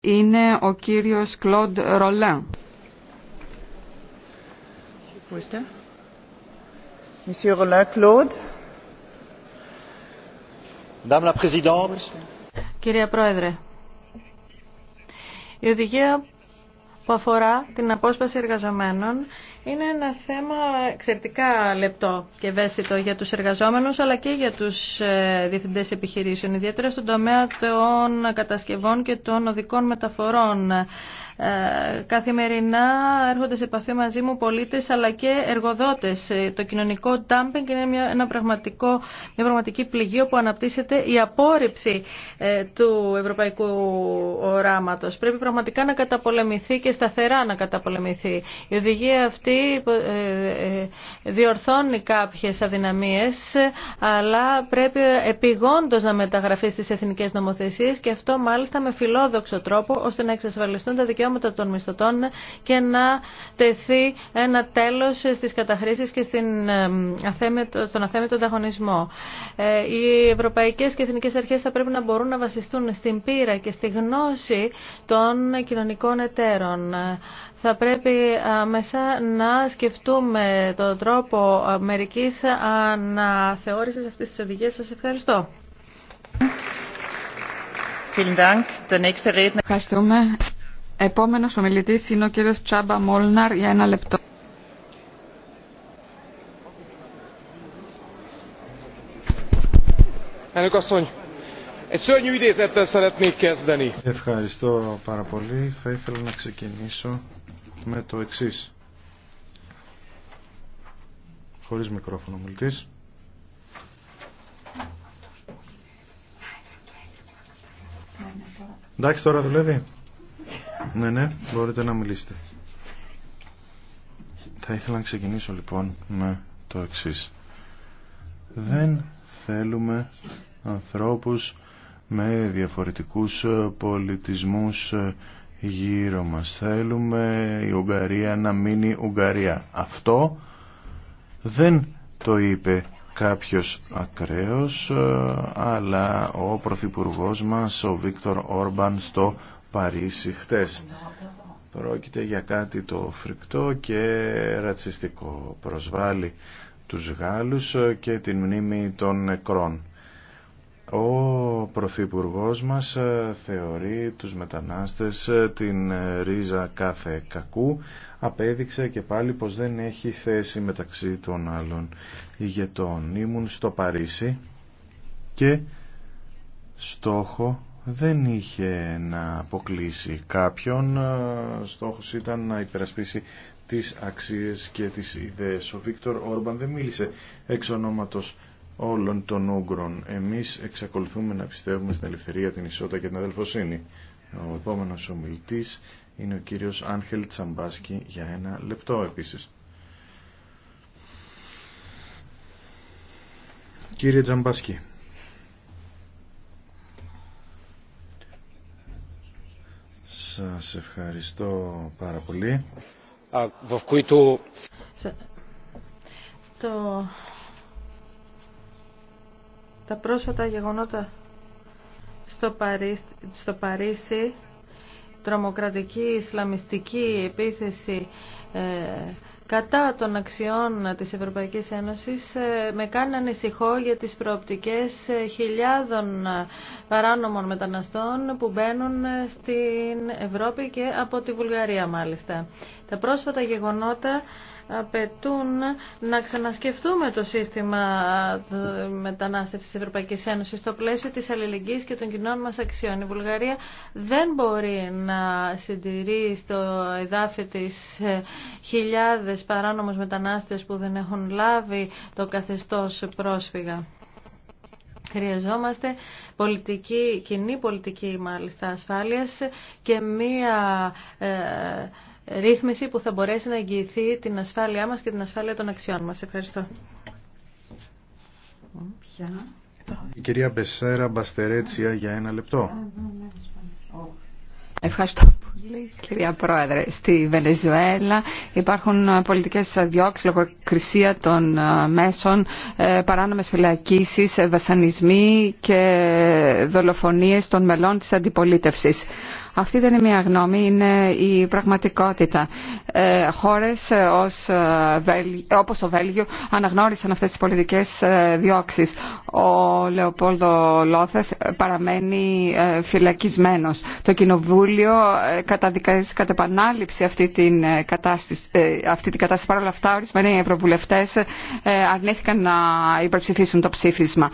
είναι ο κύριος Κλοντ Ρολάν. Κύριε Πρόεδρε, η οδηγία που αφορά την απόσπαση εργαζομένων είναι ένα θέμα εξαιρετικά λεπτό και ευαίσθητο για τους εργαζόμενους αλλά και για τους ε, διευθυντές επιχειρήσεων, ιδιαίτερα στον τομέα των κατασκευών και των οδικών μεταφορών. Ε, καθημερινά έρχονται σε επαφή μαζί μου πολίτες αλλά και εργοδότες. Ε, το κοινωνικό dumping είναι μια, ένα πραγματικό, μια πραγματική πληγή που αναπτύσσεται η απόρριψη ε, του ευρωπαϊκού οράματος. Πρέπει πραγματικά να καταπολεμηθεί και σταθερά να καταπολεμηθεί. Η οδηγία αυτή διορθώνει κάποιες αδυναμίες αλλά πρέπει επιγόντως να μεταγραφεί στις εθνικές νομοθεσίες και αυτό μάλιστα με φιλόδοξο τρόπο ώστε να εξασφαλιστούν τα δικαιώματα των μισθωτών και να τεθεί ένα τέλος στις καταχρήσεις και στην, ε, στον αθέμετο ανταγωνισμό. Ε, οι ευρωπαϊκές και εθνικές αρχές θα πρέπει να μπορούν να βασιστούν στην πείρα και στη γνώση των κοινωνικών εταίρων. Θα πρέπει μέσα να σκεφτούμε τον τρόπο μερικής αναθεώρησης αυτής της οδηγίας. Σας ευχαριστώ. Επόμενος ομιλητής είναι ο κύριος Τσάμπα Μόλναρ για ένα λεπτό. Ευχαριστώ πάρα πολύ. Θα ήθελα να ξεκινήσω με το εξής. Χωρίς μικρόφωνο μιλητή. Εντάξει, τώρα δουλεύει. Ναι, ναι, μπορείτε να μιλήσετε. Θα ήθελα να ξεκινήσω λοιπόν με το εξή. Δεν θέλουμε ανθρώπους με διαφορετικούς ε, πολιτισμούς ε, γύρω μας. Θέλουμε η Ουγγαρία να μείνει Ουγγαρία. Αυτό δεν το είπε κάποιος ακραίος, ε, αλλά ο Πρωθυπουργός μας, ο Βίκτορ Όρμπαν, στο Παρίσι χτες. Πρόκειται για κάτι το φρικτό και ρατσιστικό. Προσβάλλει τους Γάλλους και την μνήμη των νεκρών. Ο Πρωθυπουργός μας θεωρεί τους μετανάστες την ρίζα κάθε κακού, απέδειξε και πάλι πως δεν έχει θέση μεταξύ των άλλων ηγετών. Ήμουν στο Παρίσι και στόχο δεν είχε να αποκλείσει κάποιον. Ε, στόχος ήταν να υπερασπίσει τις αξίες και τις ιδέες. Ο Βίκτορ Όρμπαν δεν μίλησε εξ ονόματος όλων των Ούγκρων. Εμείς εξακολουθούμε να πιστεύουμε στην ελευθερία, την ισότητα και την αδελφοσύνη. Ο επόμενος ομιλητής είναι ο κύριος Άγχελ Τσαμπάσκι για ένα λεπτό επίσης. Κύριε Τζαμπάσκι. Σας ευχαριστώ πάρα πολύ. Το... Τα πρόσφατα γεγονότα στο, Παρίσι, στο Παρίσι, τρομοκρατική, ισλαμιστική επίθεση ε, κατά των αξιών της Ευρωπαϊκής Ένωσης ε, με κάνει ανησυχώ για τις προοπτικές ε, χιλιάδων ε, παράνομων μεταναστών που μπαίνουν στην Ευρώπη και από τη Βουλγαρία μάλιστα. Τα πρόσφατα γεγονότα απαιτούν να ξανασκεφτούμε το σύστημα ε, μετανάστευσης της Ευρωπαϊκής Ένωσης στο πλαίσιο της αλληλεγγύης και των κοινών μας αξιών. Η Βουλγαρία δεν μπορεί να συντηρεί στο εδάφιο της ε, χιλιάδες παράνομους μετανάστες που δεν έχουν λάβει το καθεστώς πρόσφυγα. Χρειαζόμαστε πολιτική, κοινή πολιτική μάλιστα ασφάλειας και μία ε, ρύθμιση που θα μπορέσει να εγγυηθεί την ασφάλειά μας και την ασφάλεια των αξιών μας. Ευχαριστώ. Η κυρία Μπεσέρα Μπαστερέτσια για ένα λεπτό. Ευχαριστώ πολύ, κυρία Πρόεδρε. Στη Βενεζουέλα υπάρχουν πολιτικέ διώξει, λογοκρισία των ε, μέσων, ε, παράνομε φυλακίσει, ε, βασανισμοί και δολοφονίες των μελών τη αντιπολίτευση. Αυτή δεν είναι μια γνώμη, είναι η πραγματικότητα. Ε, χώρες ε, ε, όπως το Βέλγιο αναγνώρισαν αυτές τις πολιτικές ε, διώξεις. Ο Λεοπόλδο Λόθεθ παραμένει φυλακισμένος. Το Κοινοβούλιο καταδικάζει κατ' επανάληψη αυτή την κατάσταση. Αυτή την κατάσταση. Παρ' όλα αυτά, ορισμένοι ευρωβουλευτές αρνήθηκαν να υπερψηφίσουν το ψήφισμα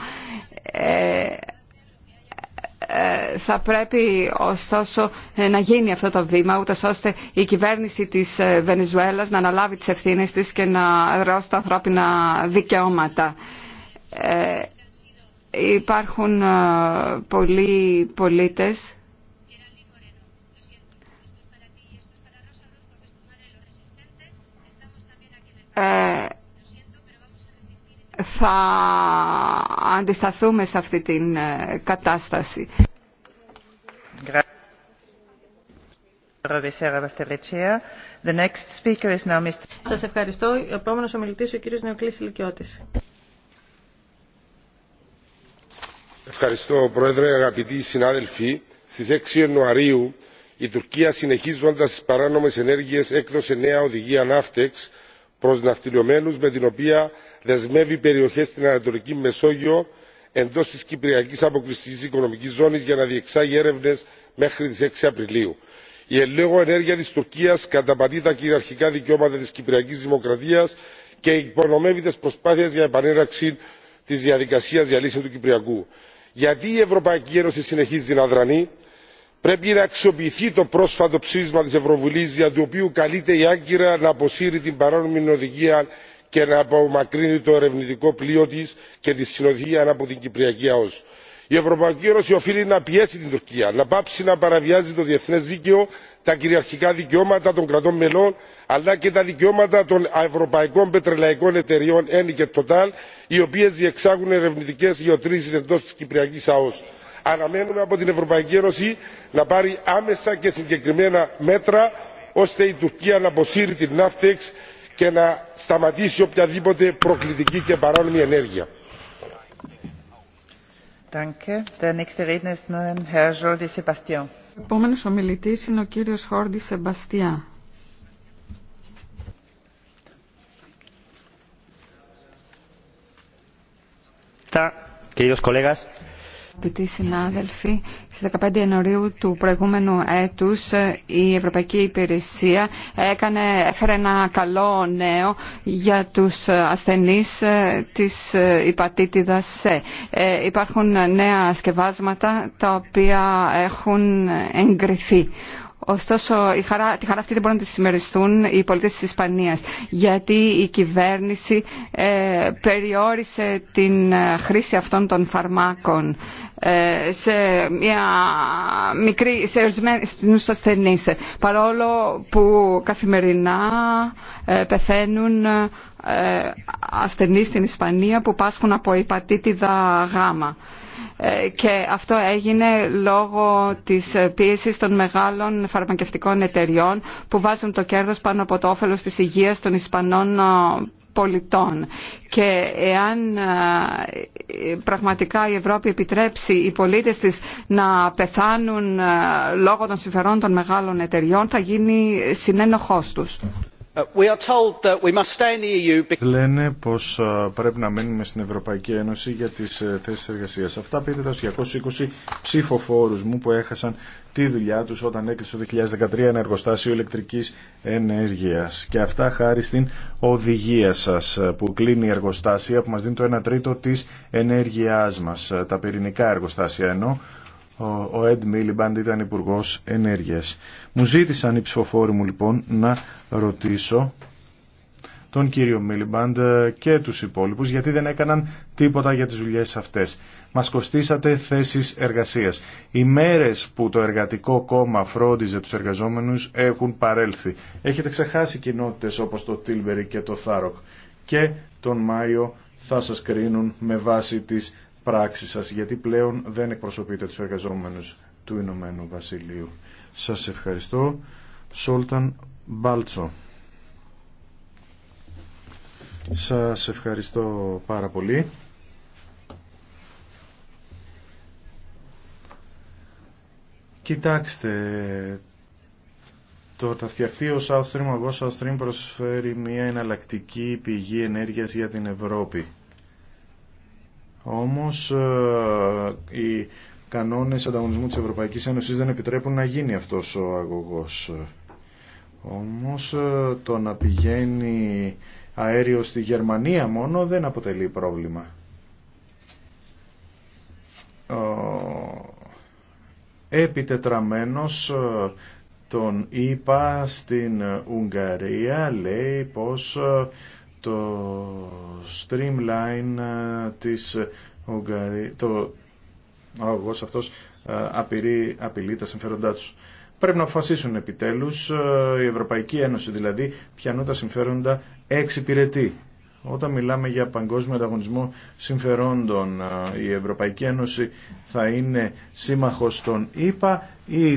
θα πρέπει ωστόσο ε, να γίνει αυτό το βήμα ούτως ώστε η κυβέρνηση της ε, Βενεζουέλας να αναλάβει τις ευθύνες της και να δρώσει τα ανθρώπινα δικαιώματα. Ε, υπάρχουν πολλοί πολίτες θα αντισταθούμε σε αυτή την ε, κατάσταση. Σας ευχαριστώ. Ο επόμενος ομιλητής ο κύριος Νεοκλής Ηλικιώτης. Ευχαριστώ Πρόεδρε, αγαπητοί συνάδελφοι. Στις 6 Ιανουαρίου η Τουρκία συνεχίζοντας τις παράνομες ενέργειες έκδοσε νέα οδηγία Ναύτεξ προς ναυτιλιωμένους με την οποία δεσμεύει περιοχές στην ανατολική μεσόγειο εντός της Κυπριακής αποκλειστική Οικονομικής Ζώνης για να διεξάγει έρευνε μέχρι τις 6 Απριλίου. Η ελέγχο ενέργεια τη Τουρκία καταπατεί τα κυριαρχικά δικαιώματα της Κυπριακής Δημοκρατίας και υπονομεύει τις προσπάθειες για επανέναρξη της διαδικασία για του Κυπριακού. Γιατί η Ευρωπαϊκή Ένωση συνεχίζει να δρανεί, πρέπει να αξιοποιηθεί το πρόσφατο ψήφισμα της Ευρωβουλή, για το οποίο καλείται η Άγκυρα να αποσύρει την παράνομη οδηγία και να απομακρύνει το ερευνητικό πλοίο τη και τη συνοδεία από την κυπριακή αός. η ευρωπαϊκή ένωση οφείλει να πιέσει την τουρκία να πάψει να παραβιάζει το διεθνέ δίκαιο τα κυριαρχικά δικαιώματα των κρατών μελών αλλά και τα δικαιώματα των ευρωπαϊκών πετρελαϊκών εταιριών eni και total οι οποίε διεξάγουν ερευνητικέ γεωτρήσεις εντό τη κυπριακή αός. αναμένουμε από την ευρωπαϊκή ένωση να πάρει άμεσα και συγκεκριμένα μέτρα ώστε η τουρκία να αποσύρει την ναύτεξ και να σταματήσει οποιαδήποτε προκλητική και παράνομη ενέργεια. Ευχαριστώ. Επόμενος ομιλητής είναι ο κύριος Χόρντι Σεμπαστιά. Κυρίες κολέγας, Αγαπητοί συνάδελφοι, στις 15 Ιανουαρίου του προηγούμενου έτους η Ευρωπαϊκή Υπηρεσία έκανε, έφερε ένα καλό νέο για τους ασθενείς ε, της ε, υπατήτηδας ΣΕ. Υπάρχουν νέα σκευάσματα τα οποία έχουν εγκριθεί. Ωστόσο, η χαρά, τη χαρά αυτή δεν μπορούν να τη συμμεριστούν οι πολίτες της Ισπανίας, γιατί η κυβέρνηση ε, περιόρισε την ε, χρήση αυτών των φαρμάκων ε, σε μια μικρή, σε ασθενείς, παρόλο που καθημερινά πεθαίνουν ασθενείς στην Ισπανία που πάσχουν από υπατήτηδα γάμα. Ε, και αυτό έγινε λόγω της ε, πίεσης των μεγάλων φαρμακευτικών εταιριών που βάζουν το κέρδος πάνω από το όφελος της υγείας των Ισπανών ε, πολιτών. Και εάν πραγματικά η Ευρώπη επιτρέψει οι πολίτες της να πεθάνουν λόγω των συμφερών των μεγάλων εταιριών θα γίνει συνένοχός τους. Λένε πως πρέπει να μείνουμε στην Ευρωπαϊκή Ένωση για τις ε, θέσεις εργασίας. Αυτά πείτε τα 220 ψηφοφόρους μου που έχασαν τη δουλειά τους όταν έκλεισε το 2013 ένα εργοστάσιο ηλεκτρικής ενέργειας. Και αυτά χάρη στην οδηγία σας ε, που κλείνει η εργοστάσια που μας δίνει το 1 τρίτο της ενέργειάς μας. Ε, τα πυρηνικά εργοστάσια ενώ ο Ed Miliband ήταν υπουργό Ενέργειας. Μου ζήτησαν οι ψηφοφόροι μου λοιπόν να ρωτήσω τον κύριο Μίλιμπαντ και τους υπόλοιπους γιατί δεν έκαναν τίποτα για τις δουλειές αυτές. Μας κοστίσατε θέσεις εργασίας. Οι μέρες που το εργατικό κόμμα φρόντιζε τους εργαζόμενους έχουν παρέλθει. Έχετε ξεχάσει κοινότητες όπως το Τίλμπερι και το Θάροκ και τον Μάιο θα σας κρίνουν με βάση τις πράξη σας, γιατί πλέον δεν εκπροσωπείτε τους εργαζόμενους του Ηνωμένου Βασιλείου. Σας ευχαριστώ. Σόλταν Μπάλτσο. Σας ευχαριστώ πάρα πολύ. Κοιτάξτε, το θα ο South Stream, South προσφέρει μια εναλλακτική πηγή ενέργειας για την Ευρώπη. Όμως ε, οι κανόνες ανταγωνισμού της Ευρωπαϊκής Ένωσης δεν επιτρέπουν να γίνει αυτός ο αγωγός. Όμως ε, το να πηγαίνει αέριο στη Γερμανία μόνο δεν αποτελεί πρόβλημα. Επιτετραμένος ε, τον είπα στην Ουγγαρία λέει πως το streamline ε, της Ουγγαρίας, το αγωγός αυτός ε, απειρεί απειλεί τα συμφέροντά τους. Πρέπει να αποφασίσουν επιτέλους ε, η Ευρωπαϊκή Ένωση δηλαδή πιανού τα συμφέροντα εξυπηρετεί. Όταν μιλάμε για παγκόσμιο ανταγωνισμό συμφερόντων, η Ευρωπαϊκή Ένωση θα είναι σύμμαχος των ΗΠΑ ή,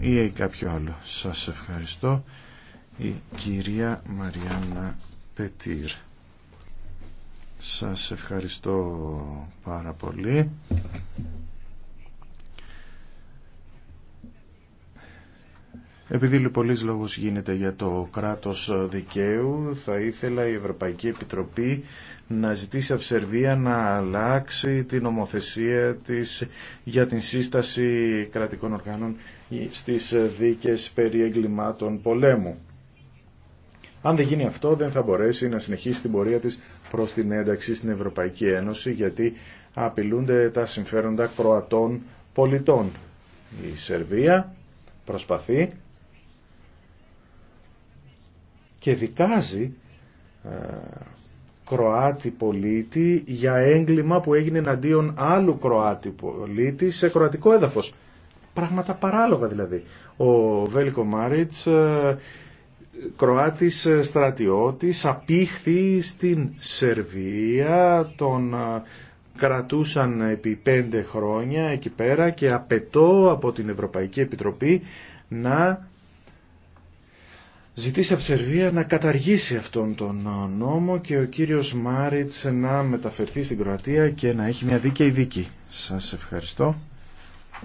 ή κάποιο άλλο. Σας ευχαριστώ. Η κυρία Μαριάννα Σα Σας ευχαριστώ πάρα πολύ. Επειδή λιπολής λόγος γίνεται για το κράτος δικαίου, θα ήθελα η Ευρωπαϊκή Επιτροπή να ζητήσει από Σερβία να αλλάξει την ομοθεσία της για την σύσταση κρατικών οργάνων στις δίκες περί εγκλημάτων πολέμου. Αν δεν γίνει αυτό δεν θα μπορέσει να συνεχίσει την πορεία της προς την ένταξη στην Ευρωπαϊκή Ένωση γιατί απειλούνται τα συμφέροντα Κροατών πολιτών. Η Σερβία προσπαθεί και δικάζει ε, Κροάτι πολίτη για έγκλημα που έγινε εναντίον άλλου Κροάτι πολίτη σε κροατικό έδαφος. Πράγματα παράλογα δηλαδή. Ο Βέλικο Κροάτης ε, στρατιώτης απήχθη στην Σερβία, τον ε, κρατούσαν επί πέντε χρόνια εκεί πέρα και απαιτώ από την Ευρωπαϊκή Επιτροπή να ζητήσει από τη Σερβία να καταργήσει αυτόν τον ε, νόμο και ο κύριος Μάριτς να μεταφερθεί στην Κροατία και να έχει μια δίκαιη δίκη. Σας ευχαριστώ.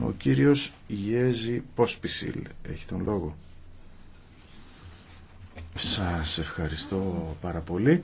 Ο κύριος Γιέζη Πόσπισιλ έχει τον λόγο. Σας ευχαριστώ πάρα πολύ.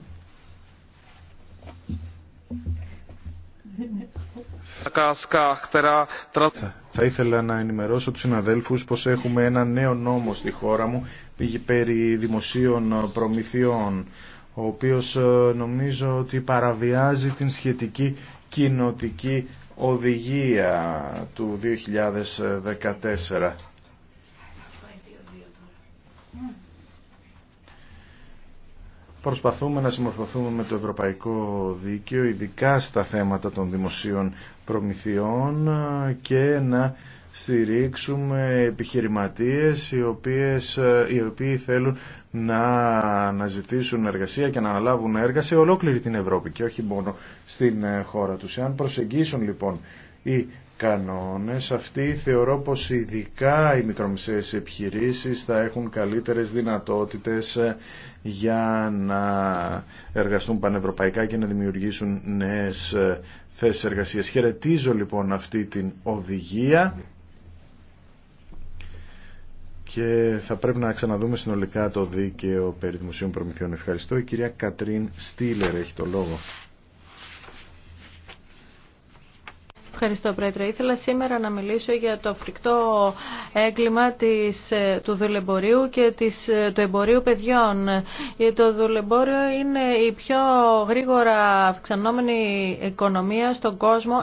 Θα ήθελα να ενημερώσω τους συναδέλφους πως έχουμε ένα νέο νόμο στη χώρα μου πήγε περί δημοσίων προμηθειών ο οποίος ε, νομίζω ότι παραβιάζει την σχετική κοινοτική οδηγία του 2014. Προσπαθούμε να συμμορφωθούμε με το ευρωπαϊκό δίκαιο, ειδικά στα θέματα των δημοσίων προμηθειών και να στηρίξουμε επιχειρηματίες οι, οποίες, οι οποίοι θέλουν να αναζητήσουν εργασία και να αναλάβουν έργα σε ολόκληρη την Ευρώπη και όχι μόνο στην ε, χώρα τους. Αν προσεγγίσουν λοιπόν οι κανόνες αυτοί θεωρώ πως ειδικά οι μικρομεσαίες επιχειρήσεις θα έχουν καλύτερες δυνατότητες για να εργαστούν πανευρωπαϊκά και να δημιουργήσουν νέες θέσεις εργασίας. Χαιρετίζω λοιπόν αυτή την οδηγία και θα πρέπει να ξαναδούμε συνολικά το δίκαιο περί δημοσίων προμηθειών. Ευχαριστώ. Η κυρία Κατρίν Στήλερ έχει το λόγο. Ευχαριστώ, Πρόεδρε. Ήθελα σήμερα να μιλήσω για το φρικτό έγκλημα της, του δουλεμπορίου και της, του εμπορίου παιδιών. Το δουλεμπόριο είναι η πιο γρήγορα αυξανόμενη οικονομία στον κόσμο.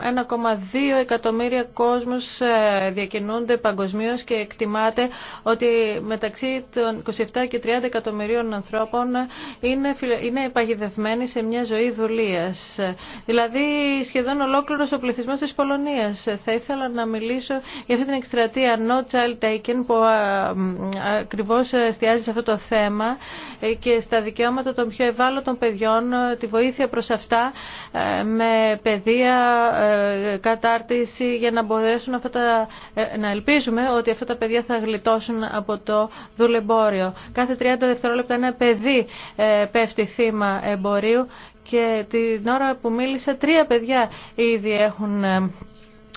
1,2 εκατομμύρια κόσμους ε, διακινούνται παγκοσμίω και εκτιμάται ότι μεταξύ των 27 και 30 εκατομμυρίων ανθρώπων είναι, είναι παγιδευμένοι σε μια ζωή δουλείας. Δηλαδή σχεδόν ολόκληρος ο πληθυσμός της θα ήθελα να μιλήσω για αυτή την εκστρατεία No Child Taken που ακριβώς εστιάζει σε αυτό το θέμα και στα δικαιώματα των πιο ευάλωτων παιδιών, τη βοήθεια προς αυτά ε, με παιδεία, ε, κατάρτιση για να μπορέσουν αυτά ε, να ελπίζουμε ότι αυτά τα παιδιά θα γλιτώσουν από το δουλεμπόριο. Κάθε 30 δευτερόλεπτα ένα παιδί πέφτει θύμα εμπορίου και την ώρα που μίλησα τρία παιδιά ήδη έχουν ε,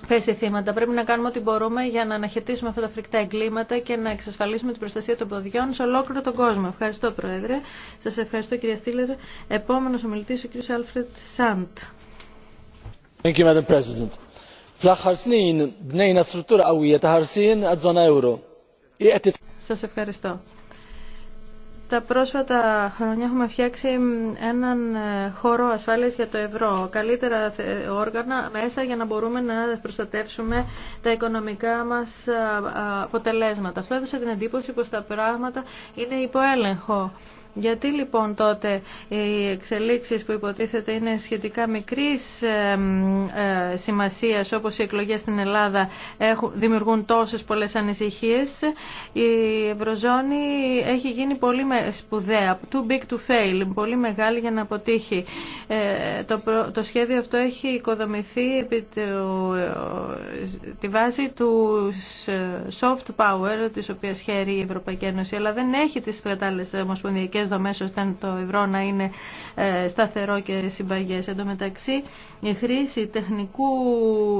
πέσει θύματα. Πρέπει να κάνουμε ό,τι μπορούμε για να αναχαιτήσουμε αυτά τα φρικτά εγκλήματα και να εξασφαλίσουμε την προστασία των παιδιών σε ολόκληρο τον κόσμο. Ευχαριστώ, Πρόεδρε. Σα ευχαριστώ, κυρία Στήλερ. Επόμενο ομιλητή, ο κύριο Άλφρετ Σαντ. Σας ευχαριστώ τα πρόσφατα χρόνια έχουμε φτιάξει έναν ε, χώρο ασφάλειας για το ευρώ. Καλύτερα ε, όργανα μέσα για να μπορούμε να προστατεύσουμε τα οικονομικά μας ε, αποτελέσματα. Αυτό έδωσε την εντύπωση πως τα πράγματα είναι υποέλεγχο. Γιατί λοιπόν τότε οι εξελίξεις που υποτίθεται είναι σχετικά μικρής ε, σημασίας όπως οι εκλογές στην Ελλάδα έχουν, δημιουργούν τόσες πολλές ανησυχίες. Η Ευρωζώνη έχει γίνει πολύ σπουδαία, too big to fail, πολύ μεγάλη για να αποτύχει. Ε, το, το σχέδιο αυτό έχει οικοδομηθεί επί τη βάση του soft power της οποίας χαίρει η Ευρωπαϊκή Ένωση αλλά δεν έχει τις κατάλληλες ομοσπονδιακές στο δομές ώστε το ευρώ να είναι ε, σταθερό και συμπαγές. Εν τω μεταξύ, η χρήση τεχνικού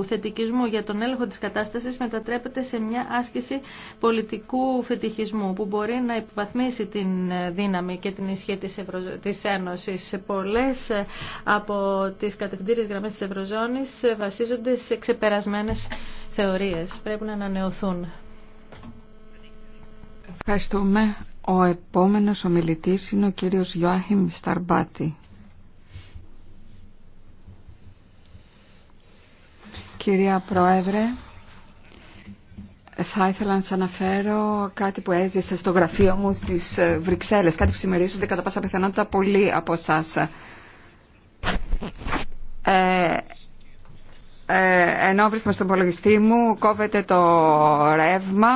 θετικισμού για τον έλεγχο της κατάστασης μετατρέπεται σε μια άσκηση πολιτικού φετιχισμού που μπορεί να υποβαθμίσει την ε, δύναμη και την ισχύ της, της Ένωσης. Σε πολλές ε, από τις κατευθυντήριες γραμμές της Ευρωζώνης βασίζονται σε ξεπερασμένες θεωρίες. Πρέπει να ανανεωθούν. Ευχαριστούμε. Ο επόμενος ομιλητής είναι ο κύριος Ιωάχιμ Σταρμπάτη. Κυρία Πρόεδρε, θα ήθελα να σας αναφέρω κάτι που έζησα στο γραφείο μου στις ε, Βρυξέλλες, κάτι που συμμερίζονται κατά πάσα πιθανότητα πολλοί από εσά. Ε, ε, ενώ βρίσκομαι στον υπολογιστή μου, κόβεται το ρεύμα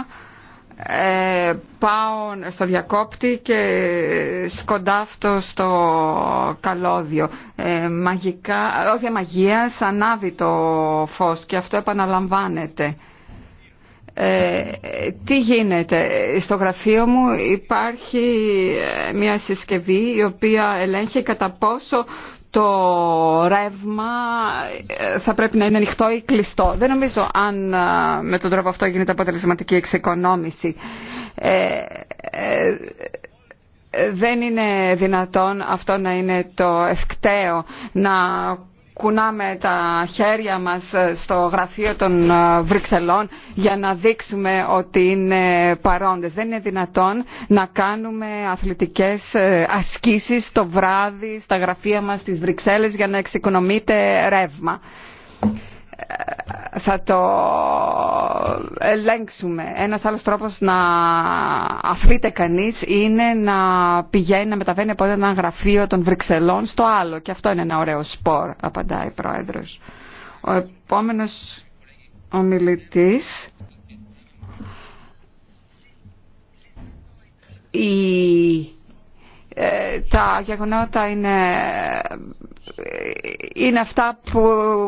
ε, πάω στο διακόπτη και σκοντάφτω στο καλώδιο. Ε, μαγικά, όχι μαγεία, ανάβει το φως και αυτό επαναλαμβάνεται. Ε, τι γίνεται. Στο γραφείο μου υπάρχει ε, μια συσκευή η οποία ελέγχει κατά πόσο το ρεύμα ε, θα πρέπει να είναι ανοιχτό ή κλειστό. Δεν νομίζω αν ε, με τον τρόπο αυτό γίνεται αποτελεσματική εξοικονόμηση. Ε, δεν είναι δυνατόν αυτό να είναι το ευκταίο να κουνάμε τα χέρια μας ε, στο γραφείο των ε, Βρυξελών για να δείξουμε ότι είναι παρόντες. Δεν είναι δυνατόν να κάνουμε αθλητικές ε, ασκήσεις το βράδυ στα γραφεία μας στις Βρυξέλλες για να εξοικονομείται ρεύμα θα το ελέγξουμε. Ένας άλλος τρόπος να αφλείται κανείς είναι να πηγαίνει, να μεταβαίνει από ένα γραφείο των Βρυξελών στο άλλο. Και αυτό είναι ένα ωραίο σπορ, απαντάει η Πρόεδρος. Ο επόμενος ομιλητής... Η ε, τα γεγονότα είναι, είναι αυτά που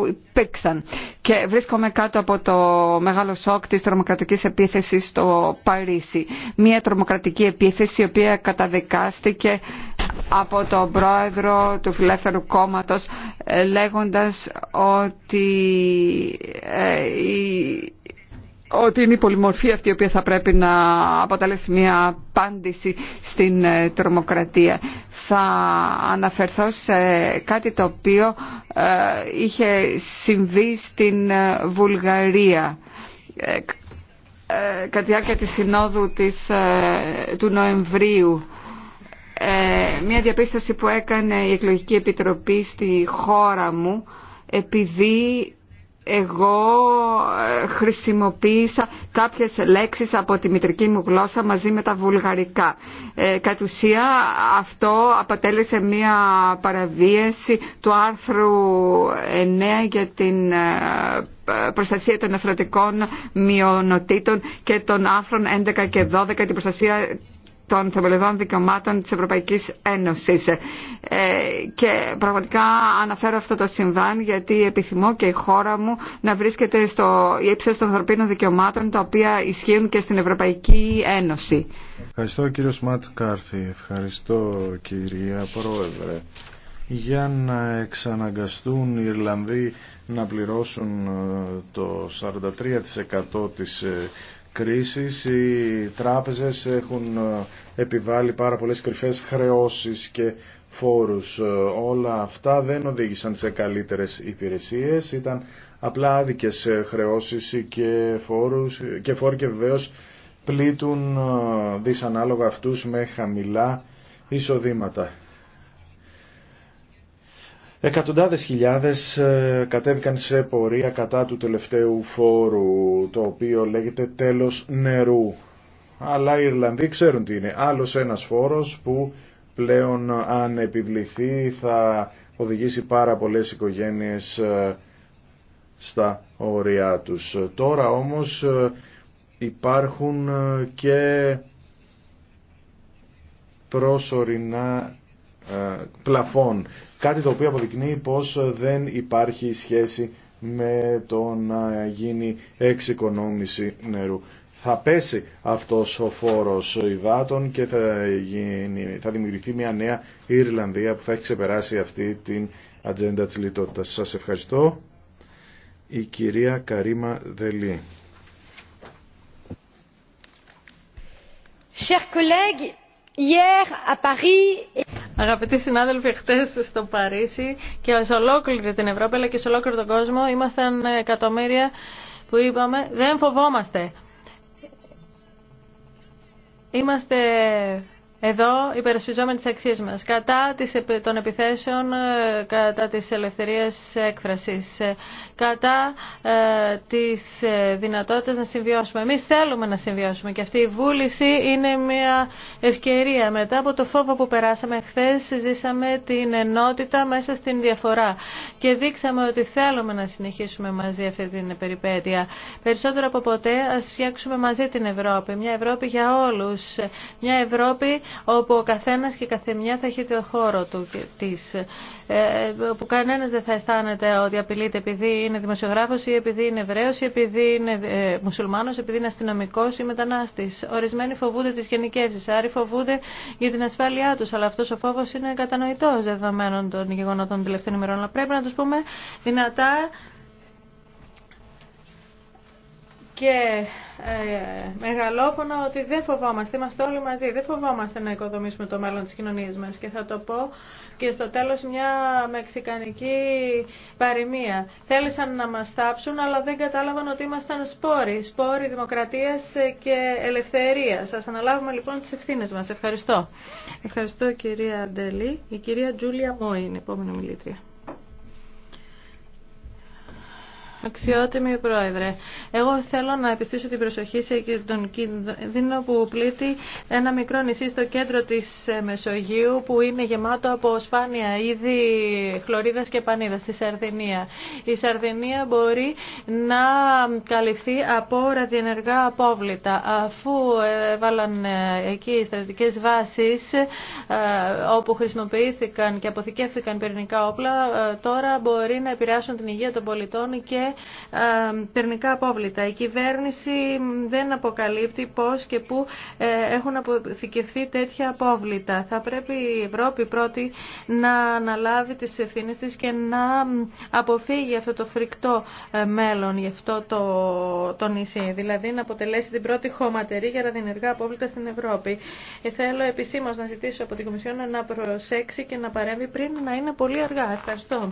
υπήρξαν και βρίσκομαι κάτω από το μεγάλο σοκ της τρομοκρατικής επίθεσης στο Παρίσι. Μία τρομοκρατική επίθεση η οποία καταδικάστηκε από τον πρόεδρο του Φιλεύθερου Κόμματος ε, λέγοντας ότι ε, ότι είναι η πολυμορφία αυτή η οποία θα πρέπει να αποτελέσει μια απάντηση στην ε, τρομοκρατία. Θα αναφερθώ σε κάτι το οποίο ε, είχε συμβεί στην ε, Βουλγαρία κατά τη διάρκεια της συνόδου της, του Νοεμβρίου. Μια διαπίστωση που έκανε η εκλογική επιτροπή στη χώρα μου επειδή εγώ ε, χρησιμοποίησα κάποιες λέξεις από τη μητρική μου γλώσσα μαζί με τα βουλγαρικά. Ε, κατ' ουσία αυτό αποτέλεσε μία παραβίαση του άρθρου 9 για την ε, προστασία των εθνωτικών μειονοτήτων και των άρθρων 11 και 12 την προστασία των θεμελιωδών δικαιωμάτων της Ευρωπαϊκής Ένωσης. Ε, και πραγματικά αναφέρω αυτό το συμβάν γιατί επιθυμώ και η χώρα μου να βρίσκεται στο ύψος των ανθρωπίνων δικαιωμάτων τα οποία ισχύουν και στην Ευρωπαϊκή Ένωση. Ευχαριστώ κύριο Σματ Κάρθη. Ευχαριστώ κυρία Πρόεδρε για να εξαναγκαστούν οι Ιρλανδοί να πληρώσουν ε, το 43% της ε, κρίσης οι τράπεζες έχουν ε, επιβάλει πάρα πολλές κρυφές χρεώσεις και φόρους. Ε, όλα αυτά δεν οδήγησαν σε καλύτερες υπηρεσίες, ήταν απλά άδικες ε, χρεώσεις και, φόρους, και φόροι και βεβαίως πλήττουν δυσανάλογα αυτούς με χαμηλά εισοδήματα. Εκατοντάδες χιλιάδες ε, κατέβηκαν σε πορεία κατά του τελευταίου φόρου, το οποίο λέγεται τέλος νερού. Αλλά οι Ιρλανδοί ξέρουν τι είναι. Άλλος ένας φόρος που πλέον αν επιβληθεί θα οδηγήσει πάρα πολλές οικογένειες ε, στα όρια τους. Τώρα όμως ε, υπάρχουν και προσωρινά ε, πλαφών. Κάτι το οποίο αποδεικνύει πως ε, δεν υπάρχει σχέση με το να γίνει εξοικονόμηση νερού. Θα πέσει αυτός ο φόρος υδάτων και θα, γίνει, θα δημιουργηθεί μια νέα Ιρλανδία που θα έχει ξεπεράσει αυτή την ατζέντα της λιτότητας. Σας ευχαριστώ. Η κυρία Καρίμα Δελή. Chers collègues, hier Αγαπητοί συνάδελφοι, χτε στο Παρίσι και σε ολόκληρη την Ευρώπη αλλά και σε ολόκληρο τον κόσμο ήμασταν εκατομμύρια που είπαμε δεν φοβόμαστε. Είμαστε εδώ υπερασπιζόμενοι τις αξίες μας, κατά των επιθέσεων, ε, κατά της ελευθερίας έκφρασης, ε, κατά ε, της δυνατότητες να συμβιώσουμε. Εμείς θέλουμε να συμβιώσουμε και αυτή η βούληση είναι μια ευκαιρία. Μετά από το φόβο που περάσαμε χθε ζήσαμε την ενότητα μέσα στην διαφορά και δείξαμε ότι θέλουμε να συνεχίσουμε μαζί αυτή την περιπέτεια. Περισσότερο από ποτέ ας φτιάξουμε μαζί την Ευρώπη, μια Ευρώπη για όλους, μια Ευρώπη όπου ο καθένας και καθεμιά θα έχει το χώρο του της, ε, όπου κανένας δεν θα αισθάνεται ότι απειλείται επειδή είναι δημοσιογράφος ή επειδή είναι Εβραίος ή επειδή είναι ε, μουσουλμάνος, επειδή είναι αστυνομικός ή μετανάστης. Ορισμένοι φοβούνται τις γενικεύσεις, άρα φοβούνται για την ασφάλειά τους, αλλά αυτός ο φόβος είναι κατανοητός δεδομένων των γεγονότων των τελευταίων ημερών. Αλλά πρέπει να τους πούμε δυνατά και ε, μεγαλόφωνα ότι δεν φοβόμαστε, είμαστε όλοι μαζί, δεν φοβόμαστε να οικοδομήσουμε το μέλλον της κοινωνίας μας και θα το πω και στο τέλος μια μεξικανική παροιμία. Θέλησαν να μας θάψουν αλλά δεν κατάλαβαν ότι ήμασταν σπόροι, σπόροι δημοκρατίας και ελευθερίας. Σας αναλάβουμε λοιπόν τις ευθύνες μας. Ευχαριστώ. Ευχαριστώ κυρία Αντελή. Η κυρία Τζούλια Μόη είναι επόμενη μιλήτρια. Αξιότιμη Πρόεδρε, εγώ θέλω να επιστήσω την προσοχή σε τον κίνδυνο που πλήττει ένα μικρό νησί στο κέντρο της Μεσογείου που είναι γεμάτο από σπάνια είδη χλωρίδας και πανίδας, στη Σαρδινία. Η Σαρδινία μπορεί να καλυφθεί από ραδιενεργά απόβλητα. Αφού έβαλαν ε, εκεί στρατικές βάσεις ε, όπου χρησιμοποιήθηκαν και αποθηκεύθηκαν πυρηνικά όπλα, ε, τώρα μπορεί να επηρεάσουν την υγεία των πολιτών και και ε, πυρνικά απόβλητα. Η κυβέρνηση δεν αποκαλύπτει πώς και πού ε, έχουν αποθηκευθεί τέτοια απόβλητα. Θα πρέπει η Ευρώπη πρώτη να αναλάβει τις ευθύνες της και να αποφύγει αυτό το φρικτό ε, μέλλον γι' αυτό το, νησί. Δηλαδή να αποτελέσει την πρώτη χωματερή για να απόβλητα στην Ευρώπη. Θέλω επισήμως να ζητήσω από την Κομισιόν να προσέξει και να παρέμβει πριν να είναι πολύ αργά. Ευχαριστώ.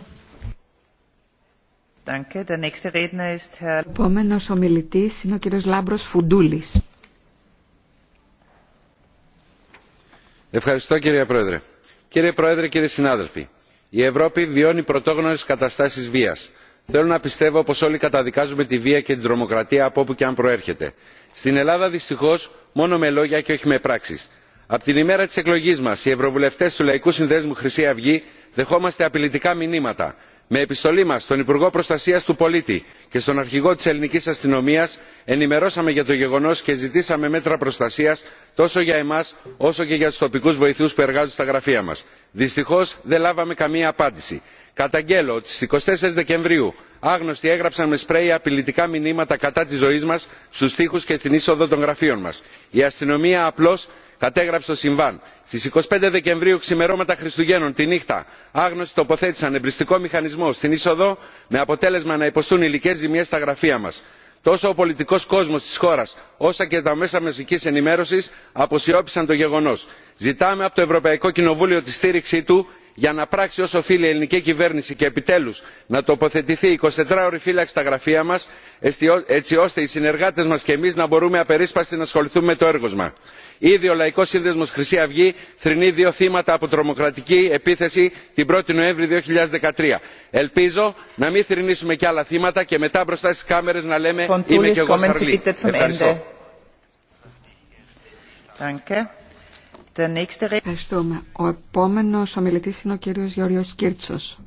Ο επόμενος ομιλητής είναι ο κύριος Λάμπρος Φουντούλης. Ευχαριστώ κύριε Πρόεδρε. Κύριε Πρόεδρε, κύριε συνάδελφοι, η Ευρώπη βιώνει πρωτόγνωρες καταστάσεις βίας. Θέλω να πιστεύω πως όλοι καταδικάζουμε τη βία και την τρομοκρατία από όπου και αν προέρχεται. Στην Ελλάδα δυστυχώς μόνο με λόγια και όχι με πράξεις. Από την ημέρα της εκλογής μας, οι ευρωβουλευτές του Λαϊκού Συνδέσμου Χρυσή Αυγή δεχόμαστε απειλητικά μηνύματα με επιστολή μας στον υπουργό προστασίας του πολίτη και στον αρχηγό της ελληνικής αστυνομίας ενημερώσαμε για το γεγονός και ζητήσαμε μέτρα προστασίας τόσο για εμάς όσο και για τους τοπικούς βοηθούς που εργάζονται στα γραφεία μας. δυστυχώς δεν λάβαμε καμία απάντηση. καταγγέλλω ότι στις 24 δεκεμβρίου άγνωστοι έγραψαν με σπρέι απειλητικά μηνύματα κατά της ζωής μας στους τοίχους και στην είσοδο των γραφείων μας. η αστυνομία απλώ κατέγραψε το συμβάν. στι 25 Δεκεμβρίου ξημερώματα Χριστουγέννων τη νύχτα άγνωστοι τοποθέτησαν εμπριστικό μηχανισμό στην είσοδο με αποτέλεσμα να υποστούν υλικέ ζημιέ στα γραφεία μα. Τόσο ο πολιτικό κόσμο τη χώρα όσο και τα μέσα μαζική ενημέρωση αποσιώπησαν το γεγονό. Ζητάμε από το Ευρωπαϊκό Κοινοβούλιο τη στήριξή του για να πράξει όσο οφείλει η ελληνική κυβέρνηση και επιτέλους να τοποθετηθεί 24 ώρη φύλαξη στα γραφεία μας έτσι ώστε οι συνεργάτες μας και εμείς να μπορούμε απερίσπαστοι να ασχοληθούμε με το έργο μας. Ήδη ο Λαϊκός Σύνδεσμος Χρυσή Αυγή θρυνεί δύο θύματα από τρομοκρατική επίθεση την 1η Νοέμβρη 2013. Ελπίζω να μην θρυνήσουμε κι άλλα θύματα και μετά μπροστά στις κάμερες να λέμε «Είμαι κι εγώ Σαρλί». Ευχαριστούμε. Ο επόμενος ομιλητής είναι ο κύριος Γιώργος Κίρτσος.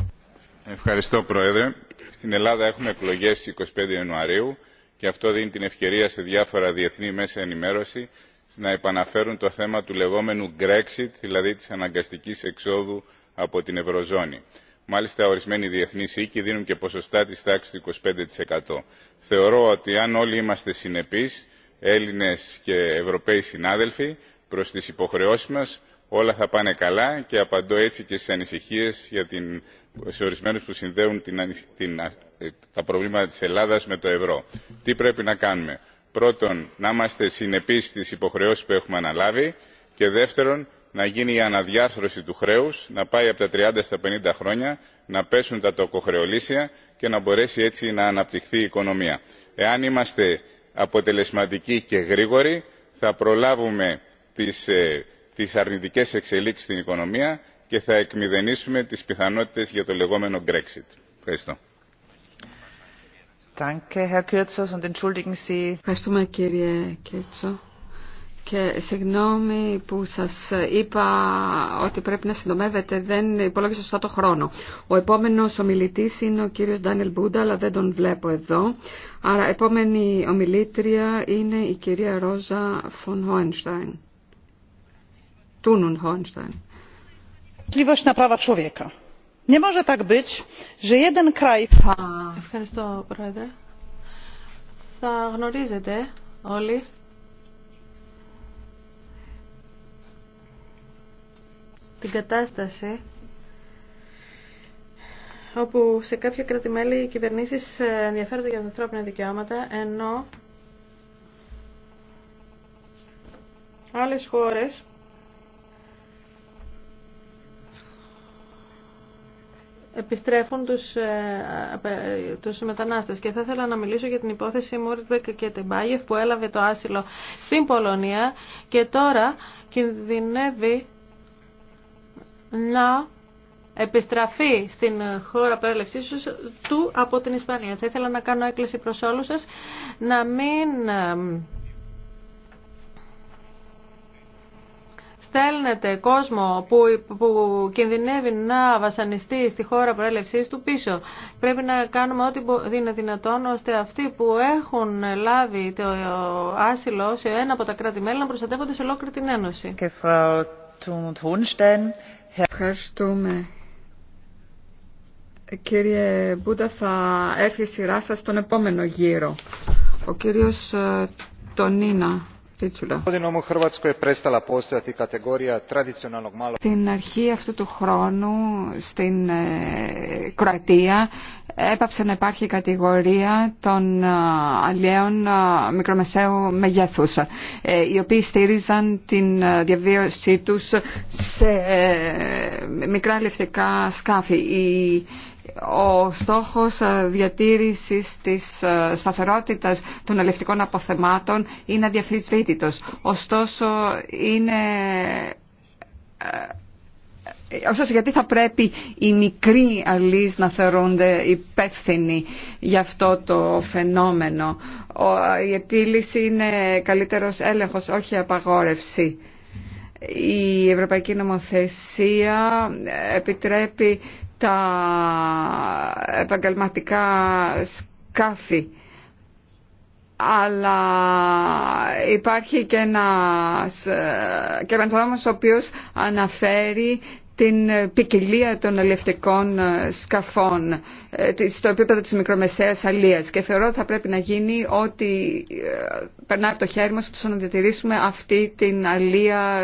Ευχαριστώ Πρόεδρε. Στην Ελλάδα έχουμε εκλογές 25 Ιανουαρίου και αυτό δίνει την ευκαιρία σε διάφορα διεθνή μέσα ενημέρωση να επαναφέρουν το θέμα του λεγόμενου Brexit, δηλαδή της αναγκαστικής εξόδου από την Ευρωζώνη. Μάλιστα, ορισμένοι διεθνεί οίκοι δίνουν και ποσοστά τη τάξη του 25%. Θεωρώ ότι αν όλοι είμαστε συνεπεί, Έλληνε και Ευρωπαίοι συνάδελφοι, προς τις υποχρεώσεις μας όλα θα πάνε καλά και απαντώ έτσι και στις ανησυχίες για την, σε ορισμένους που συνδέουν την, την, ε, τα προβλήματα της Ελλάδας με το ευρώ. Τι πρέπει να κάνουμε. Πρώτον, να είμαστε συνεπείς στις υποχρεώσεις που έχουμε αναλάβει και δεύτερον, να γίνει η αναδιάρθρωση του χρέους, να πάει από τα 30 στα 50 χρόνια, να πέσουν τα τοκοχρεωλήσια και να μπορέσει έτσι να αναπτυχθεί η οικονομία. Εάν είμαστε αποτελεσματικοί και γρήγοροι, θα προλάβουμε τις, αρνητικέ ε, εξελίξει αρνητικές εξελίξεις στην οικονομία και θα εκμηδενήσουμε τις πιθανότητες για το λεγόμενο Brexit. Ευχαριστώ. Ευχαριστούμε κύριε Κέτσο και συγγνώμη που σας είπα ότι πρέπει να συντομεύετε, δεν υπολόγισα σωστά το χρόνο. Ο επόμενος ομιλητής είναι ο κύριος Ντάνιελ Μπούντα, αλλά δεν τον βλέπω εδώ. Άρα επόμενη ομιλήτρια είναι η κυρία Ρόζα Φων Χόενστάιν. Ευχαριστώ, Πρόεδρε. Θα γνωρίζετε όλοι την κατάσταση όπου σε κάποια κράτη-μέλη οι κυβερνήσεις ε, ενδιαφέρονται για τα ανθρώπινα δικαιώματα ενώ άλλες χώρες επιστρέφουν τους, ε, τους μετανάστες. Και θα ήθελα να μιλήσω για την υπόθεση Μούρτμπεκ και Τεμπάγεφ που έλαβε το άσυλο στην Πολωνία και τώρα κινδυνεύει να επιστραφεί στην χώρα προέλευσή του από την Ισπανία. Θα ήθελα να κάνω έκκληση προς όλους σας να μην ε, στέλνετε κόσμο που, που κινδυνεύει να βασανιστεί στη χώρα προέλευση του πίσω. Πρέπει να κάνουμε ό,τι είναι δυνατόν ώστε αυτοί που έχουν λάβει το άσυλο σε ένα από τα κράτη-μέλη να προστατεύονται σε ολόκληρη την Ένωση. Ευχαριστούμε. Κύριε Μπούτα, θα έρθει η σειρά σας στον επόμενο γύρο. Ο κύριος ε, Τονίνα. Στην αρχή αυτού του χρόνου στην ε, Κροατία έπαψε να υπάρχει κατηγορία των ε, αλλιέων ε, μικρομεσαίου μεγέθους οι οποίοι στήριζαν την διαβίωσή τους σε μικρά λευτικά σκάφη ο στόχος ε, διατήρησης της ε, σταθερότητας των αλευτικών αποθεμάτων είναι αδιαφυσβήτητος. Ωστόσο, είναι... Ε, ωστόσο, γιατί θα πρέπει οι μικροί αλείς να θεωρούνται υπεύθυνοι για αυτό το φαινόμενο. Η επίλυση είναι καλύτερος έλεγχος, όχι απαγόρευση η Ευρωπαϊκή Νομοθεσία επιτρέπει τα επαγγελματικά σκάφη. Αλλά υπάρχει και ένας, και ένας ο οποίος αναφέρει την ποικιλία των ελευτικών σκαφών ε, στο επίπεδο της μικρομεσαίας αλίας και θεωρώ ότι θα πρέπει να γίνει ό,τι ε, περνάει από το χέρι μας ώστε να διατηρήσουμε αυτή την αλία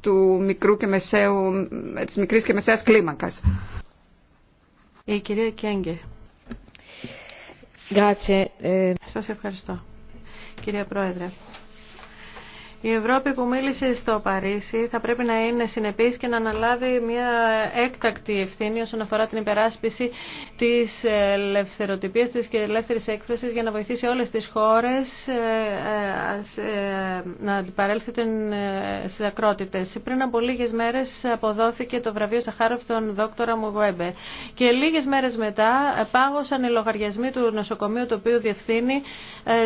του μικρού και μεσαίου, ε, της μικρής και μεσαίας κλίμακας. Η κυρία Κέγκε. Ε. Σας ευχαριστώ. Κυρία Πρόεδρε. Η Ευρώπη που μίλησε στο Παρίσι θα πρέπει να είναι συνεπής και να αναλάβει μια έκτακτη ευθύνη όσον αφορά την υπεράσπιση της ελευθεροτυπίας της και ελεύθερης έκφρασης για να βοηθήσει όλες τις χώρες ε, ε, να αντιπαρέλθει ε, στις ακρότητες. Πριν από λίγες μέρες αποδόθηκε το βραβείο Σαχάροφ στον δόκτορα Μουγουέμπε και λίγες μέρες μετά πάγωσαν οι λογαριασμοί του νοσοκομείου το οποίο διευθύνει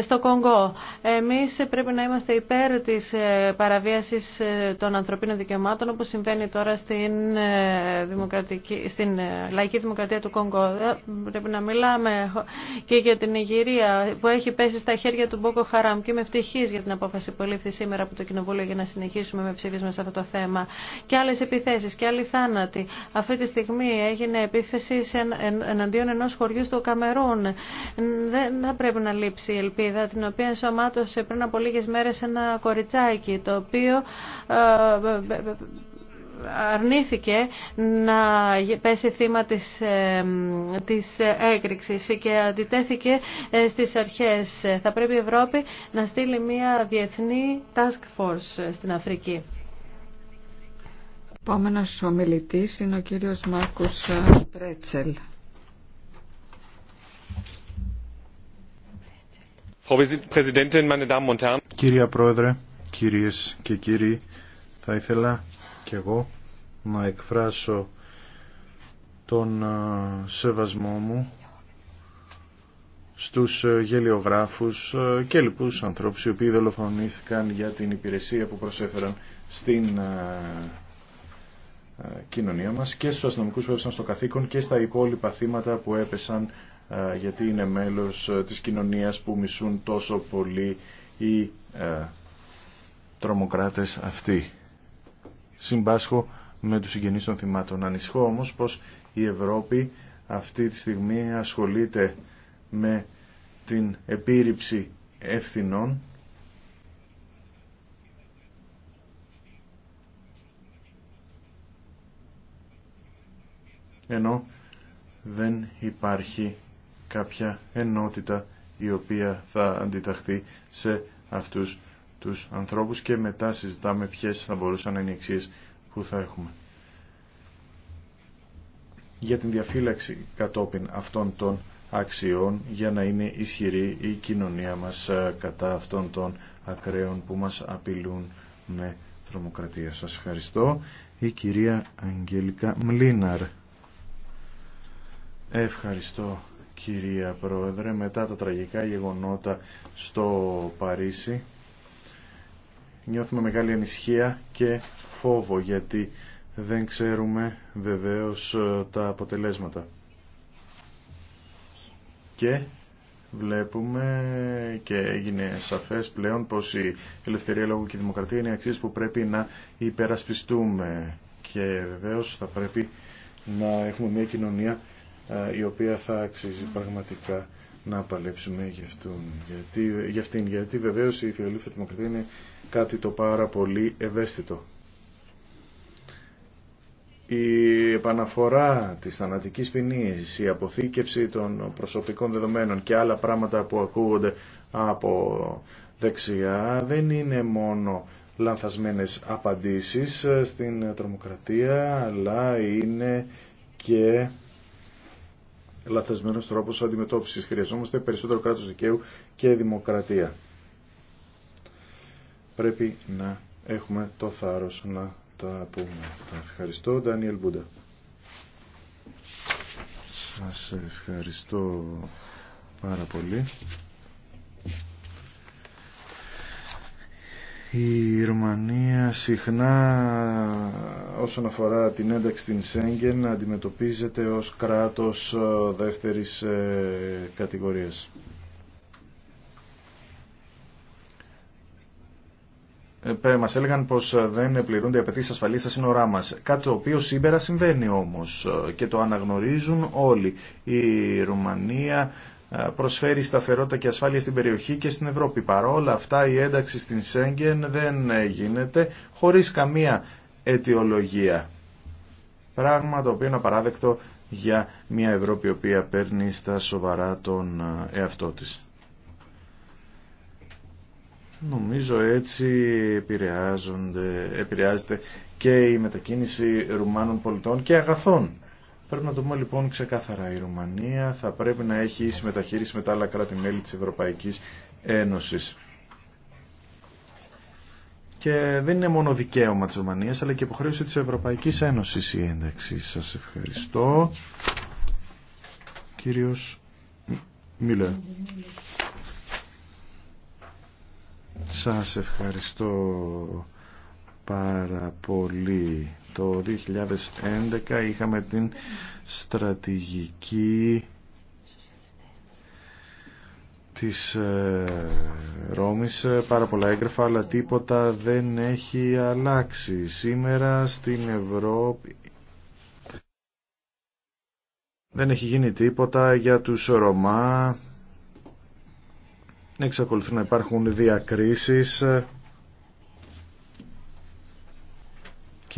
στο Κονγκό. Εμείς πρέπει να είμαστε υπέρ της της ε, παραβίασης ε, των ανθρωπίνων δικαιωμάτων όπως συμβαίνει τώρα στην, ε, δημοκρατική, στην λαϊκή δημοκρατία του Κόγκο. Πρέπει να μιλάμε και για την Ιγυρία που έχει πέσει στα χέρια του Μπόκο Χαράμ και είμαι ευτυχή για την απόφαση που λήφθη σήμερα από το Κοινοβούλιο για να συνεχίσουμε με ψήφισμα σε αυτό το θέμα. Και άλλε επιθέσει και άλλοι θάνατοι. Αυτή τη στιγμή έγινε επίθεση εναντίον ενό χωριού στο Καμερούν. Δεν πρέπει να λείψει η ελπίδα την οποία ενσωμάτωσε πριν από λίγε μέρε ένα κοριτσάκι Μητσοτάκη, το οποίο ε, ε, ε, αρνήθηκε να πέσει θύμα της, της έκρηξης και αντιτέθηκε στις αρχές. Θα πρέπει η Ευρώπη να στείλει μια διεθνή task force στην Αφρική. Επόμενος ομιλητής είναι ο κύριος Μάρκος Πρέτσελ. Κυρία Πρόεδρε, Κυρίες και κύριοι, θα ήθελα και εγώ να εκφράσω τον ε, σεβασμό μου στους ε, γελιογράφους ε, και λοιπούς ανθρώπους οι οποίοι δολοφονήθηκαν για την υπηρεσία που προσέφεραν στην κοινωνία μας και στους αστυνομικούς που έπεσαν στο καθήκον και στα υπόλοιπα θύματα που έπεσαν γιατί είναι μέλος της κοινωνίας που μισούν τόσο πολύ οι τρομοκράτες αυτοί. Συμπάσχω με τους συγγενείς των θυμάτων. Ανησυχώ όμως πως η Ευρώπη αυτή τη στιγμή ασχολείται με την επίρρηψη ευθυνών ενώ δεν υπάρχει κάποια ενότητα η οποία θα αντιταχθεί σε αυτούς τους ανθρώπους και μετά συζητάμε ποιες θα μπορούσαν να είναι οι που θα έχουμε. Για την διαφύλαξη κατόπιν αυτών των αξιών για να είναι ισχυρή η κοινωνία μας ε, κατά αυτών των ακραίων που μας απειλούν με τρομοκρατία. Σας ευχαριστώ. Η κυρία Αγγέλικα Μλίναρ. Ευχαριστώ κυρία Πρόεδρε. Μετά τα τραγικά γεγονότα στο Παρίσι νιώθουμε μεγάλη ανησυχία και φόβο γιατί δεν ξέρουμε βεβαίως ε, τα αποτελέσματα. Και βλέπουμε και έγινε σαφές πλέον πως η ελευθερία λόγου και η δημοκρατία είναι αξίες που πρέπει να υπερασπιστούμε και βεβαίως θα πρέπει να έχουμε μια κοινωνία ε, η οποία θα αξίζει πραγματικά να παλέψουμε για, αυτούν, γιατί, για αυτήν. Γιατί βεβαίως η φιλελεύθερη δημοκρατία είναι κάτι το πάρα πολύ ευαίσθητο. Η επαναφορά της θανατικής ποινής, η αποθήκευση των προσωπικών δεδομένων και άλλα πράγματα που ακούγονται από δεξιά δεν είναι μόνο λανθασμένες απαντήσεις στην τρομοκρατία αλλά είναι και λαθασμένος τρόπος αντιμετώπισης. Χρειαζόμαστε περισσότερο κράτος δικαίου και δημοκρατία. Πρέπει να έχουμε το θάρρος να τα πούμε. Ευχαριστώ, Ντανιέλ Μπούντα. Σας ευχαριστώ πάρα πολύ. η Ρουμανία συχνά όσον αφορά την ένταξη στην Σέγγεν αντιμετωπίζεται ως κράτος ε, δεύτερης ε, κατηγορίας. Ε, μας έλεγαν πως δεν πληρούνται οι απαιτήσει ασφαλής στα σύνορά μα. Κάτι το οποίο σήμερα συμβαίνει όμως και το αναγνωρίζουν όλοι. Η Ρουμανία ε, προσφέρει σταθερότητα και ασφάλεια στην περιοχή και στην Ευρώπη. Παρόλα αυτά η ένταξη στην Σέγγεν δεν γίνεται χωρίς καμία αιτιολογία. Πράγμα το οποίο είναι απαράδεκτο για μια Ευρώπη η οποία παίρνει στα σοβαρά τον ε, εαυτό της. Νομίζω έτσι επηρεάζεται και η μετακίνηση Ρουμάνων πολιτών και αγαθών Πρέπει να το πούμε λοιπόν ξεκάθαρα. Η Ρουμανία θα πρέπει να έχει ίση μεταχείριση με τα άλλα κράτη-μέλη της Ευρωπαϊκής Ένωσης. Και δεν είναι μόνο δικαίωμα της Ρουμανίας, αλλά και υποχρέωση της Ευρωπαϊκής Ένωσης η ένταξη. Σας ευχαριστώ. Κύριος Μίλε. Σας ευχαριστώ πάρα πολύ το 2011 είχαμε την στρατηγική της ε, Ρώμης ε, πάρα πολλά έγγραφα αλλά τίποτα δεν έχει αλλάξει σήμερα στην Ευρώπη δεν έχει γίνει τίποτα για τους Ρωμά εξακολουθούν να υπάρχουν διακρίσεις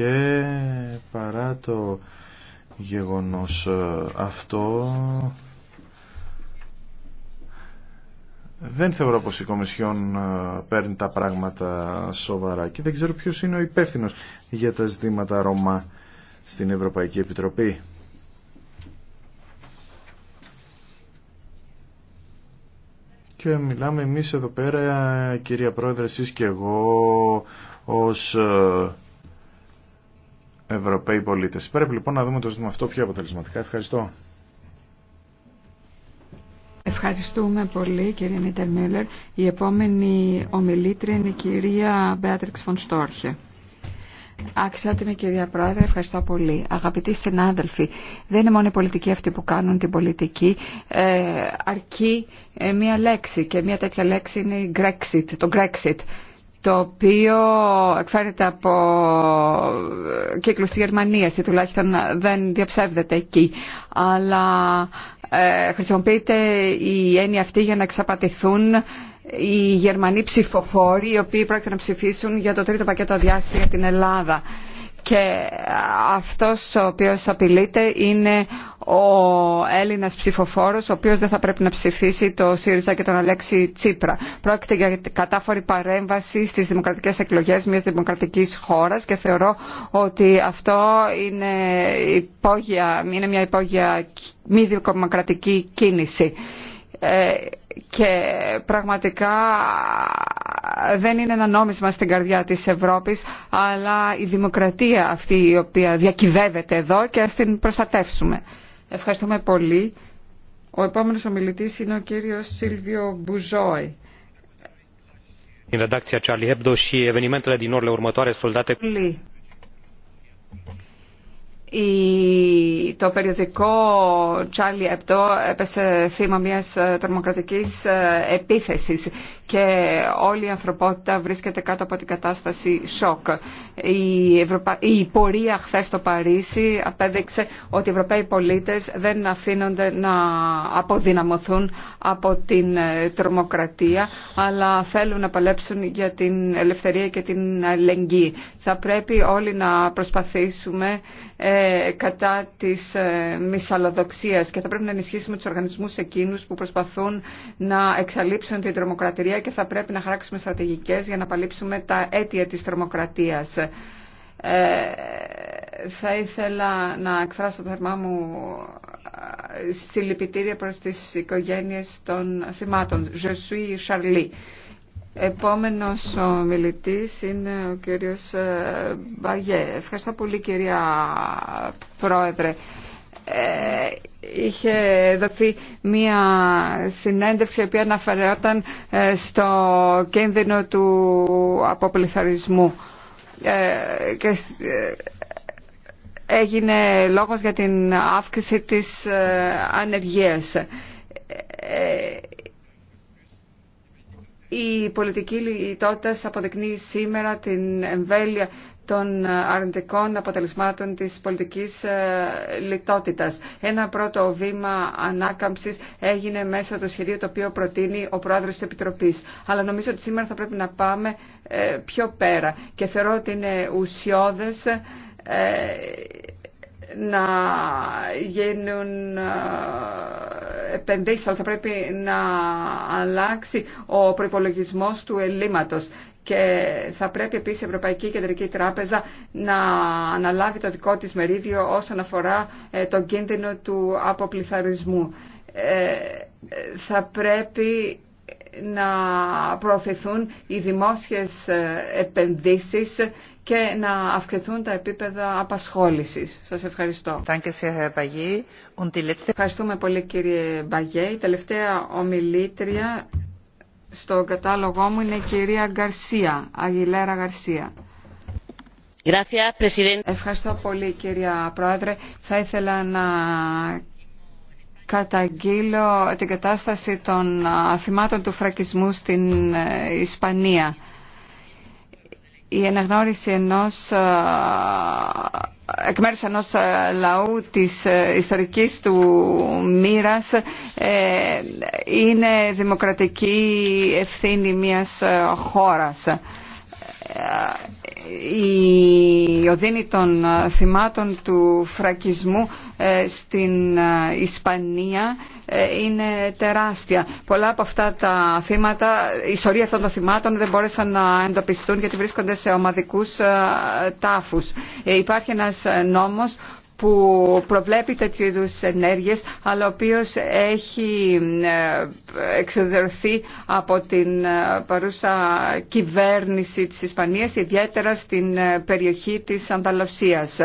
και παρά το γεγονός ε, αυτό δεν θεωρώ πως η Κομισιόν ε, παίρνει τα πράγματα σοβαρά και δεν ξέρω ποιος είναι ο υπεύθυνο για τα ζητήματα Ρωμά στην Ευρωπαϊκή Επιτροπή. Και μιλάμε εμείς εδώ πέρα, ε, κυρία Πρόεδρε, εσείς και εγώ, ως Ευρωπαίοι πολίτες. Πρέπει λοιπόν να δούμε το ζήτημα αυτό πιο αποτελεσματικά. Ευχαριστώ. Ευχαριστούμε πολύ κύριε Νίτερ Μίλλερ. Η επόμενη ομιλήτρια είναι η κυρία Μπέατριξ Φων Στόρχε. Αξιότιμη κυρία Πρόεδρε, ευχαριστώ πολύ. Αγαπητοί συνάδελφοι, δεν είναι μόνο οι πολιτικοί αυτοί που κάνουν την πολιτική. Ε, αρκεί ε, μία λέξη και μία τέτοια λέξη είναι η Grexit, το το οποίο εκφέρεται από ε, κύκλους της Γερμανίας ή τουλάχιστον δεν διαψεύδεται εκεί. Αλλά ε, χρησιμοποιείται η έννοια αυτή για να εξαπατηθούν οι Γερμανοί ψηφοφόροι οι οποίοι πρόκειται να ψηφίσουν για το τρίτο πακέτο αδειάση για την Ελλάδα και αυτός ο οποίος απειλείται είναι ο Έλληνας ψηφοφόρος ο οποίος δεν θα πρέπει να ψηφίσει το ΣΥΡΙΖΑ και τον Αλέξη Τσίπρα. Πρόκειται για κατάφορη παρέμβαση στις δημοκρατικές εκλογές μιας δημοκρατικής χώρας και θεωρώ ότι αυτό είναι, υπόγεια, είναι μια υπόγεια μη δημοκρατική κίνηση. Ε, και πραγματικά δεν είναι ένα νόμισμα στην καρδιά της Ευρώπης αλλά η δημοκρατία αυτή η οποία διακυβεύεται εδώ και ας την προστατεύσουμε. Ευχαριστούμε πολύ. Ο επόμενος ομιλητής είναι ο κύριος Σίλβιο Μπουζόη. Η Charlie Hebdo το περιοδικό Charlie Hebdo έπεσε θύμα μιας ε, τρομοκρατικής ε, επίθεσης και όλη η ανθρωπότητα βρίσκεται κάτω από την κατάσταση σοκ. Η, πορεία χθε στο Παρίσι απέδειξε ότι οι Ευρωπαίοι πολίτες δεν αφήνονται να αποδυναμωθούν από την ε, τρομοκρατία αλλά θέλουν να παλέψουν για την ελευθερία και την αλληλεγγύη. Θα πρέπει όλοι να προσπαθήσουμε ε, κατά της ε, μυσαλλοδοξία και θα πρέπει να ενισχύσουμε τους οργανισμούς εκείνους που προσπαθούν να εξαλείψουν την τρομοκρατία και θα πρέπει να χαράξουμε στρατηγικέ για να παλύψουμε τα αίτια της τρομοκρατίας. Ε, θα ήθελα να εκφράσω θερμά μου ε, συλληπιτήρια προς τις οικογένειες των θυμάτων. Je suis Charlie. Επόμενος ο μιλητής είναι ο κύριος ε, Μπαγιέ. Ευχαριστώ πολύ κυρία Πρόεδρε. είχε δοθεί μία συνέντευξη η οποία αναφερόταν στο κίνδυνο του αποπληθαρισμού. Ε, και ε, έγινε λόγος για την αύξηση της ε, ανεργίας. Η πολιτική λιτότητας αποδεικνύει σήμερα την εμβέλεια των αρνητικών αποτελεσμάτων της πολιτικής ε, λιτότητας. Ένα πρώτο βήμα ανάκαμψης έγινε μέσω του σχεδίου το οποίο προτείνει ο πρόεδρος της Επιτροπής. Αλλά νομίζω ότι σήμερα θα πρέπει να πάμε ε, πιο πέρα και θεωρώ ότι είναι ουσιώδες ε, να γίνουν επενδύσεις, αλλά θα πρέπει να αλλάξει ο προϋπολογισμός του ελλείμματος και θα πρέπει επίσης η Ευρωπαϊκή Κεντρική Τράπεζα να αναλάβει το δικό της μερίδιο όσον αφορά ε, τον κίνδυνο του αποπληθαρισμού. Ε, ε, θα πρέπει να προωθηθούν οι δημόσιες επενδύσεις και να αυξηθούν τα επίπεδα απασχόλησης. Σας ευχαριστώ. Ευχαριστούμε πολύ κύριε Μπαγιέ. Η τελευταία ομιλήτρια στο κατάλογό μου είναι η κυρία Γκαρσία, Αγιλέρα Γκαρσία. Ευχαριστώ πολύ κυρία Πρόεδρε. Θα ήθελα να καταγγείλω την κατάσταση των θυμάτων του φρακισμού στην ε, Ισπανία η αναγνώριση ενός, εκ μέρους ενός λαού της ιστορικής του μοίρας ε, είναι δημοκρατική ευθύνη μιας χώρας η οδύνη των θυμάτων του φρακισμού ε, στην ε, Ισπανία ε, είναι τεράστια. Πολλά από αυτά τα θύματα, η σωρία αυτών των θυμάτων δεν μπόρεσαν να εντοπιστούν γιατί βρίσκονται σε ομαδικούς τάφους. Υπάρχει ένας νόμος που προβλέπει τέτοιου είδου ενέργειες αλλά ο οποίο έχει ε, εξοδερθεί από την ε, παρούσα κυβέρνηση της Ισπανίας ιδιαίτερα στην ε, περιοχή της Ανταλωσίας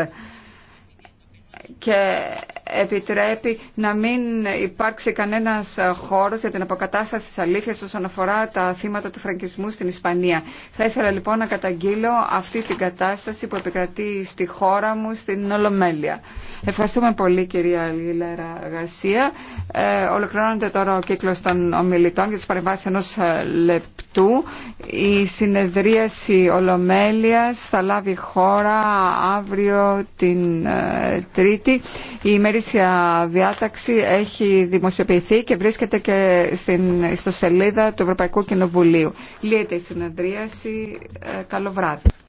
και επιτρέπει να μην υπάρξει κανένας χώρος για την αποκατάσταση της αλήθειας όσον αφορά τα θύματα του φραγκισμού στην Ισπανία. Θα ήθελα λοιπόν να καταγγείλω αυτή την κατάσταση που επικρατεί στη χώρα μου, στην Ολομέλεια. Ευχαριστούμε πολύ κυρία Λίλερα Γαρσία. Ε, ολοκληρώνεται τώρα ο κύκλος των ομιλητών για τις παρεμβάσεις ενός ε, λεπτού. Η συνεδρίαση Ολομέλειας θα λάβει χώρα αύριο την ε, Τρίτη. Η ημερήσια διάταξη έχει δημοσιοποιηθεί και βρίσκεται και στην σελίδα του Ευρωπαϊκού Κοινοβουλίου. Λύεται η συνεδρίαση. καλό βράδυ.